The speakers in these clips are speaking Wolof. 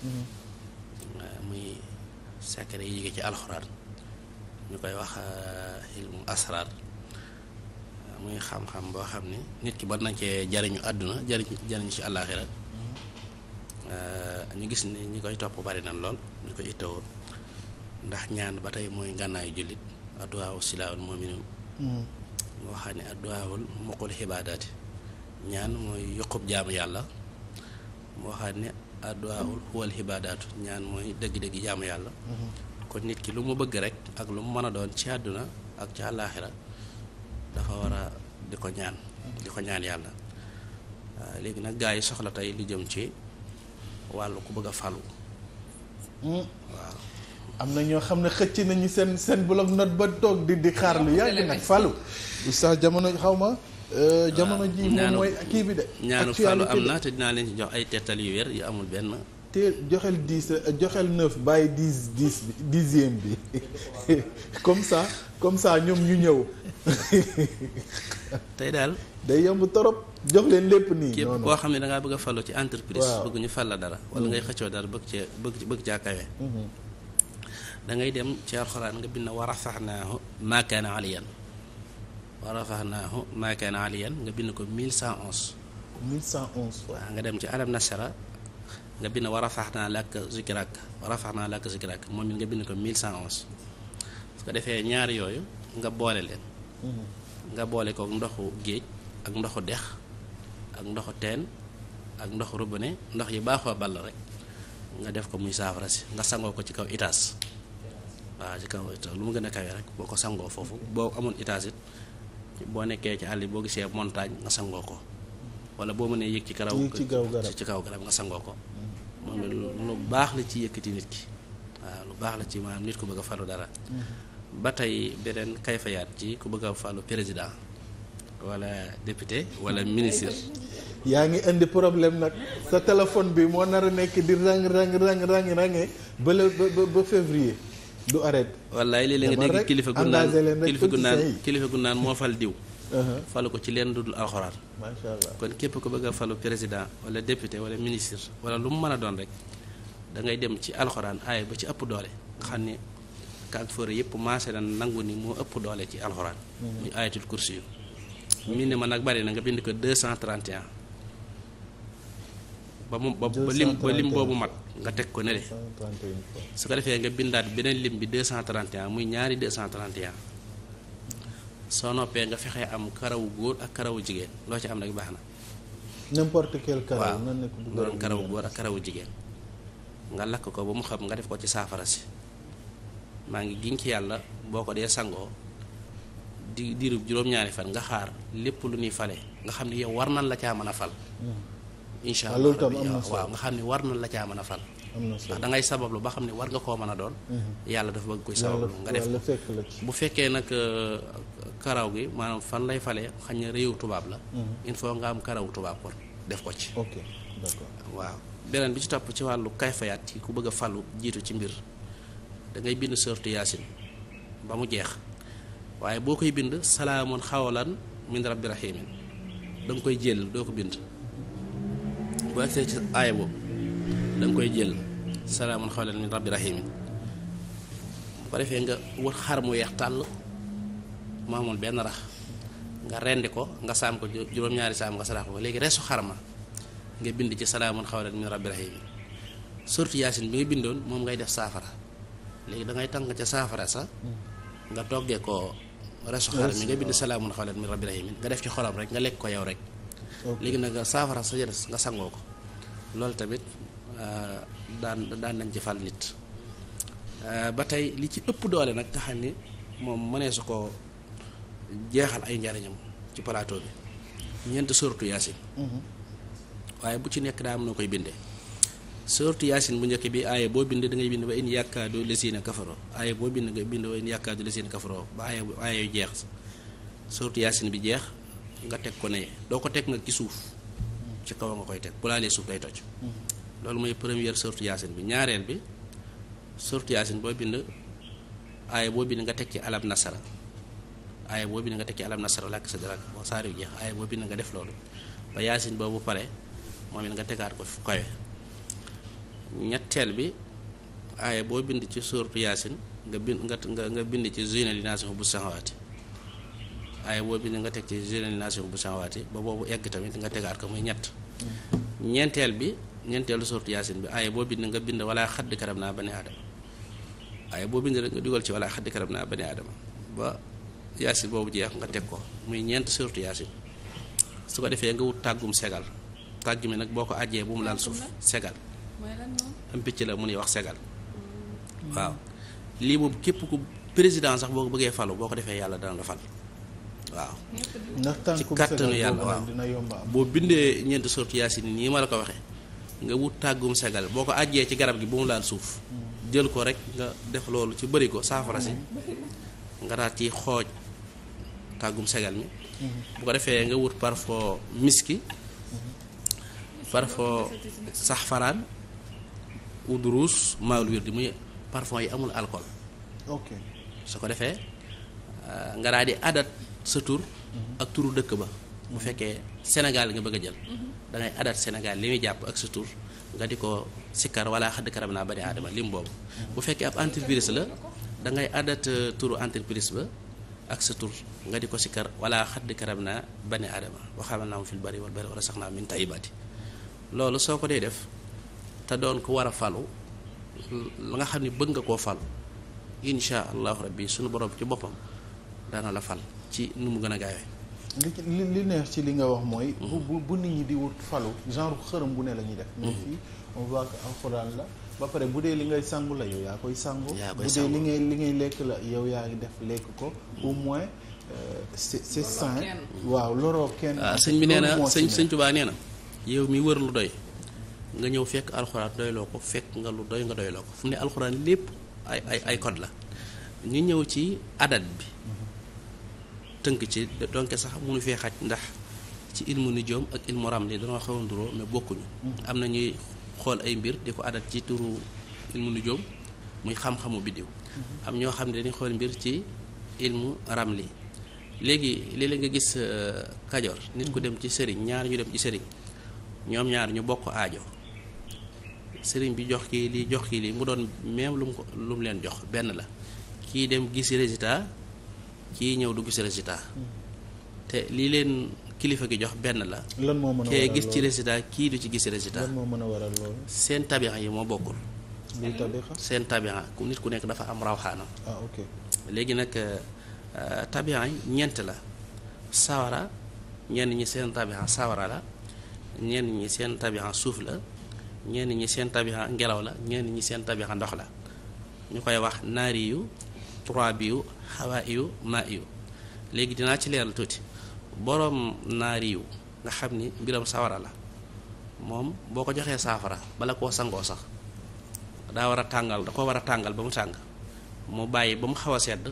Euh, muy secret yi ci alxuraan ñu koy wax euh, ilmu asraar euh, muy xam-xam boo xam ni nit ki ban na cee jariñu àdduna jariñu jariñu ci àllaaxira ñu gis ni ñi koy topp bari na lool ñu koy ittawoo ndax ñaan ba tey mooy ngànnaayu jullit adduwaawul silaawul mu'minin moo xam ne adduwaawul muqul xibaadaati ñaan mooy yokkub jaamu yàlla moo xam ne adduwaawul wal xibaadaatu ñaan mooy dëgg-dëgg jaamu yàlla mhm. kon nit ki lu mu bëgg rek ak lu mu mën a doon ci àdduna ak ci àllaaxira dafa war a di ko ñaan di ko ñaan yàlla ah, léegi nag gaa yi soxla tey lu jëm ci wàllu ku bëgg a falu hmm. waaw am na ñoo xam ne xëcc nañu seen seen bloc note ba toog di di xaar lu yàgg nag falu oustaz jamono xaw ma Euh, jamono ji moom mooy kii bi de. ñaanu Fallou am na te dinaa leen ci jox ay tettal yu weer yu amul benn. te joxel dix joxel neuf bàyyi dix dix dixième bi comme ça comme saa ñoom ñu ñëw. tey daal. day yomb torop jox leen lépp nii. képp koo xam ne da ngaa bëgg a fallu ci entreprise. bëgg ñu fal la dara. wala ngay mm-hmm. xëccoo dara bëgg cee bëgg bëgg caa kawe. Mm-hmm. da ngay dem ci alxuraan nga bind warafaxnaahu maa kaana aliyan wa rafahnaahu maakaan aliyan nga bind ko 1111. 1111 waaw nga dem ci alam nasara nga bind wa rafahnaa laka zikrak wa rafahnaa laka zikrak moom it nga bind ko 1111 su ko defee ñaar yooyu nga boole leen. Mhm. nga boole ko ndoxu géej ak ndoxu dex ak ndoxu teen ak ndoxu robinet ndox yi baaxoo ball rek nga def ko muy saafara si nga sangoo ko ci kaw itaas. waaw ci kaw itaas lu mu gën a kawe rek boo ko sangoo foofu boo amoon itaas boo nekkee ci àll boo gisee montagne nga sangoo ko wala boo mënee yëg ci karaw ci kaw garab nga sangoo ko moom lu baax la ci yëkkati nit ki waaw lu baax la ci maanaam nit ku bëgg a dara mm-hmm. ba tey beneen kayfayaat ci ku bëgg a falu président wala député wala ministre yaa ngi indi problème nag sa téléphone bi moo nar a nekk di rang rang rang rang range ba ba ba février du arrêté. wallaay léeg-léeg nga dégg kilifa gu naan kilifa gu naan kilifa gu naan moo fal diw. Uh-huh. falu ko ci leen dudul alxuraan. macha allah kon képp ku bëgg a falu président wala député wala ministre wala lu mu mën a doon rek da ngay dem ci alxuraan aaya ba ci ëpp doole xam ne kanfoore yëpp maase na nangu ni moo ëpp doole ci alxuraan. Uh-huh. muy ayatul kursi yu. ñu ne ma nag bari na nga bind ko ba mu ba lim ba lim boobu mat. nga teg ko nële su ko defee nga bindaat beneen lim bi 231 muy ñaari 231 soo noppee nga fexee am karawu góor ak karawu jigéen loo ci am rek baax na. n'importe quel karaw na nekk jigéen nga lakk ko ba mu xam nga def ko ci saafara si maa ngi giñ ci yàlla boo ko dee sangoo di diirub juróom-ñaari fan nga xaar lépp lu nuy fale nga xam ne yow war nan la caa mën a fal. Mm. incha allah waaw nga xam ne war na la caa mën a fal ndax da ngay sabablu ba xam ne war nga koo mën a doon mhm. yàlla dafa bëgg koy sabablu nga def bu fekkee nag euh, karaw gi maanaam fan lay falee xañ na réew tubaab la mhm. il nga am karaw tubaab kon def ko ci waaw beneen bi ci topp ci wàllu kayfayaat yi ku bëgg a falu jiitu ci mbir da bind sortu yaasin ba mu jeex waaye boo koy bind salaamun xawalan min rabbi rahimin da nga koy jël doo ko bind bu agsee ci aaya boobu da koy jël salaamun xawlan min rabbi rahimin ba defee nga wër xar mu yeex tàll mu amoon benn rax nga rendi ko nga saam ko juróom-ñaari saam nga sarax ko léegi resu xar ma nga bind ci salaamun xawlan min rabbi rahimin surtout yaasin bi nga bindoon moom ngay def saafara léegi da ngay tànk ca saafara sa nga toggee ko resu xar mi nga bind salaamun xawlan min rabbi rahimin nga def ci xolam rek nga lekk ko yow rek léegi nag saafara sa jëres nga sangoo ko loolu tamit euh, daan daan nañ ci fal nit euh, ba tey li ci ëpp doole nag nga xam ni moom mënee su ko jeexal ay njariñam ci plateau bi ñeent suratu yaasin mhm. waaye bu ci nekk daa am noo koy bindee suratu yaasin bu njëkk bi aaye boo bind dangay bind ba in yàkkaadu lesina kafaro aaye boo bind nga bind ba in yàkkaadu lesina kaforo ba aaye aaye jeex suratu yaasin bi jeex nga teg ko ne doo ko teg nag ci suuf ci kaw nga koy teg bu laalee suuf day toj loolu mooy première sortu yaasin bi ñaareel bi sorti yaasin boo bind aaya boo bind nga teg ci alam nasara aaya boo bind nga teg ci alam nasara làkk sa dara boo saar yu jeex aaya boo bind nga def loolu ba yaasin boobu pare moom it nga tegaat ko fu kawe ñetteel bi aaya boo bind ci sortu yaasin nga bind nga nga bind ci zuyna li naasi bu saxawaati aaya boo bind nga teg ci généralisation bu sanwaati ba boobu egg tamit nga tegaat ko muy ñett ñeenteel bi ñeenteelu sortu yaasin bi aaya boo bind nga bind wala xaddi karam naa bani aadama aaya boo bind rek nga dugal ci walla xaddi karam naa bani aadama ba yaasin boobu jeex nga teg ko muy ñeent sortu yaasin su ko defee nga wut tàggum segal tàgg mi nag boo ko ajjee bu mu laal suuf segal am picc la mu nuy wax segal mm. waaw lii moom képp ku président sax boo ko bëggee boo ko defee yàlla dana la waaw ci kàttanu yàlla waaw boo bindee ñeenti sortu yaasin nii ma la ko waxee nga wut tàggum segal boo ko àjjee ci garab gi bu mu laal suuf mm. jël ko rek nga def loolu ci bari ko saafara si mm. nga daal xooj tàggum segal mi mm-hmm. bu defee nga wut parfum miski mm-hmm. parfum saxfaraan udrus maal wirdi muy parfum yi amul alcool su ko defee euh, nga daal di adat sa tur ak turu dëkk ba bu fekkee Sénégal nga bëgg a jël da ngay Sénégal li muy jàpp ak sa tur nga di ko sikkar wala xadd karam naa bani aadama lim boobu bu fekkee ab entreprise la da ngay adat euh, entreprise ba ak sa tur nga di ko sikkar wala xadd karam naa bani aadama waxaama naa mu fil bari wal bari wala sax naa min tayibaati loolu soo ko dee def te doon ko war a falu la nga xam ne bëgg nga koo falu incha allahu rabbi suñu borom ci boppam dana la fal ci nu mu gën a gaawee. li neex ci li nga wax mooy. Mhm. bu bu nit ñi di wut falu genre xërëm bu ne la ñuy def. mais mhm. fii on la. ba pare bu dee li ngay sangu la yow yaa koy sangu bu dee li lekk la yow yaa ngi def lekk ko mhm. au moins euh, c'est waaw loroo kenn ah, sëñ bi nee na sëñ sëñ Tuubaa na yow mi wër lu doy nga ñëw fekk alxuraan doyloo ko fekk nga lu doy nga doyloo ko fu mu ne alxuraan lépp ay ay ay code la ñu ñëw ci adat bi tënk ci donte sax mënu fee xaj ndax ci ilmu nijoom ak ilmu ramli dañoo xewoon duroo mais bokkuñu. am na ñuy xool ay mbir di ko adat ci turu ilmu nijoom muy xam-xamu biddiw. am ñoo xam ne dañuy xool mbir ci ilmu li léegi léeg nga gis euh, kajoor nit ku dem ci sëriñ ñaar ñu dem ci sëriñ ñoom ñaar ñu bokk aajo sëriñ bi jox kii lii jox kii lii mu doon même lu mu leen jox benn la kii dem gisi résultat. kii ñëw du gis résultat te lii leen kilifa gi jox benn la. lan moo mën gis ci résultat kii du ci gis résultat. moo mën a waral loolu. seen tabixa yi moo bokkul. seen tabixa ku nit ku nekk dafa am rawxaanam. ah léegi nag euh, tabixa yi ñeent la sawara ñenn ñi seen tabixa sawara la ñenn ñi seen tabixa suuf la ñenn ñi seen tabixa ngelaw la ñenn ñi seen tabixa ndox la ñu koy wax naari trois bi yu xawaa iyu maa iyu léegi dinaa ci leeral tuuti boroom naari yu nga xam ni mbiram sawara la moom boo ko joxee saafara bala koo sangoo sax daa war a tàngal da ko war a tàngal ba mu tàng mu bàyyi ba mu xaw a sedd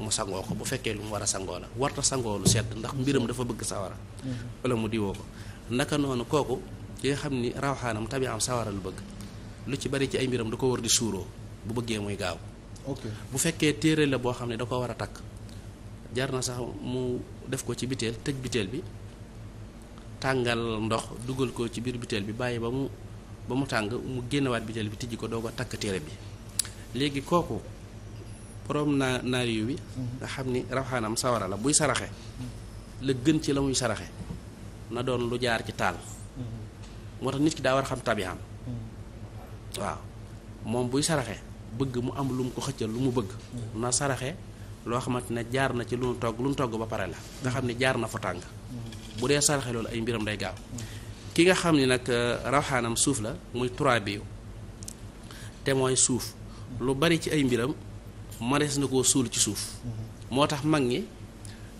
mu sangoo ko bu fekkee lu mu war a sangoo la warta sangoo lu sedd ndax mbiram dafa bëgg sawara mm-hmm. wala mu diwoo ko naka noonu kooku ki nga xam ni rawaxaanam tabi am sawara lu bëgg lu ci bari ci ay mbiram da ko war di suuroo bu bëggee muy gaaw bu fekkee téere la boo xam ne da ko war a takk jar na sax mu def ko ci biteel tëj biteel bi tàngal ndox dugal ko ci biir biteel bi bàyyi ba mu ba mu tàng mu génnewaat biteel bi tijji ko doo ko takk téere bi léegi kooku borom naa naariyu bi mhm. nga xam ni rawaxaanam sawara la buy saraxe la gën ci la muy saraxe na doon lu jaar ci taal mhm. moo tax nit ki daa war a xam tabiam mhm. waaw moom buy saraxe bëgg mu am lu mu ko xëccal lu mu bëgg mm-hmm. na saraxe loo xamante ne jaar na ci lu mu togg lu mu togg ba pare la nga xam ne jaar na fa tàng mm-hmm. bu dee saraxe loolu ay mbiram day gaaw mm-hmm. ki nga xam ni nag euh, rawxaanam suuf la muy trois bi te mooy suuf lu bari ci ay mbiram manees na koo suul ci suuf moo tax mag ñi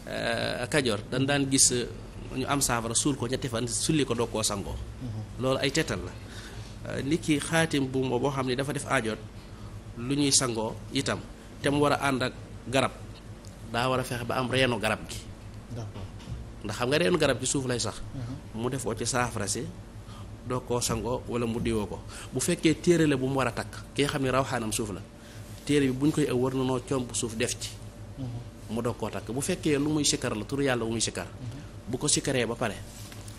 euh, kajoor dañ daan gis euh, ñu am saafara suul ko ñetti fan sulli ko doog koo sangoo loolu ay tetal la nit ki xaatim bu boo xam ne dafa def aajoot lu ñuy sangoo itam te mu war a ànd ak garab daa war a fexe ba am reenu garab gi ndax xam nga reenu garab gi suuf lay sax uh-huh. mu def ko ci saafara si doo koo sangoo wala mu diwoo ko bu fekkee téere la bu mu war a takk ki nga xam ne rawxaanam suuf la téere bi bu ñu koy ëw war na noo comb suuf def ci uh-huh. mu doog koo takk bu fekkee lu muy sikkar la tur yàlla bu muy sikkar uh-huh. bu ko sikkaree ba pare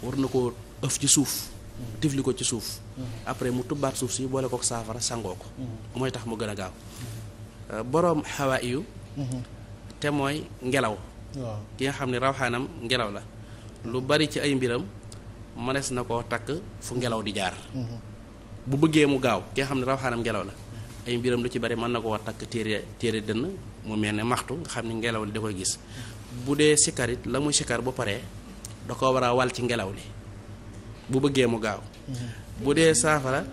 war na koo ëf ci suuf tifli ko ci suuf après mu tubbaat suuf si boole ko saafara sangoo ko mooy tax mu gën a gaaw euh, boroom xawaa te mooy ngelaw ki nga xam ne rawxaanam ngelaw la lu bari ci ay mbiram mënees na koo takk fu ngelaw di jaar bu bëggee mu gaaw ki nga xam ne rawxaanam ngelaw la ay mbiram lu ci bari mën na koo takk téere téere dënn mu mel ne maxtu nga xam ni ngelaw li da koy gis bu dee sikarit la muy sikar bu paree da ko war a wal ci ngelaw li bu bëggee mu gaaw bu dee saafara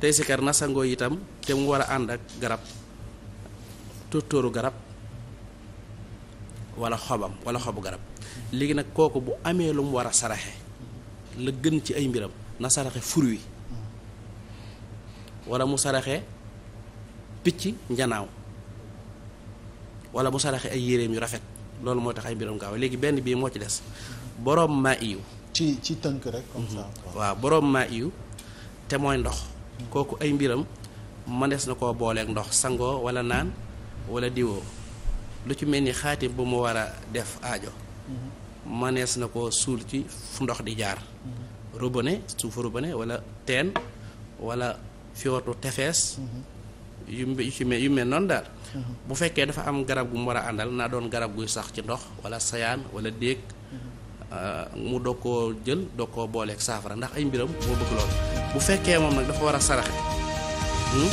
tey sikar na sangoo itam te mu war a ànd ak garab tóortóoru garab wala xobam walla xobu garab léegi nag kooku bu amee lu mu war a saraxe la gën ci ay mbiram na saraxe fur wi wala mu saraxe picc njanaaw wala mu saraxe ay yéreem yu rafet loolu moo tax ay mbiram gaaw léegi benn bii moo ci des boroom maa iyu ci ci tënk rek. waa mhm. ça waaw iw te mooy ndox. kooku ay mbiram mënees na koo booleeg ndox sangoo wala naan wala diwoo lu ci mel ni xaatim bu mu war a def aajo. Mhm. mënees na koo suul ci fu ndox di jaar. Mhm. robinet suufu robinet wala teen wala fiwatu tefees. yu mel yu mel noonu daal. bu fekkee dafa am garab gu mu war a àndal naa doon garab guy sax ci ndox wala sayaan wala déeg. Euh, mu doog ko jël doog koo booleeg saafara ndax ay mbiram moo bëgg lool bu fekkee moom nag dafa war a saraxe hmm?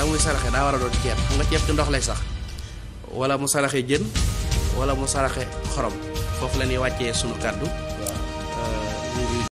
la muy saraxe daa war a doon ceeb xam nga ceeb ci ndox lay sax wala mu saraxe jën wala mu saraxe xorom foofu la ñuy wàccee sunu kàddu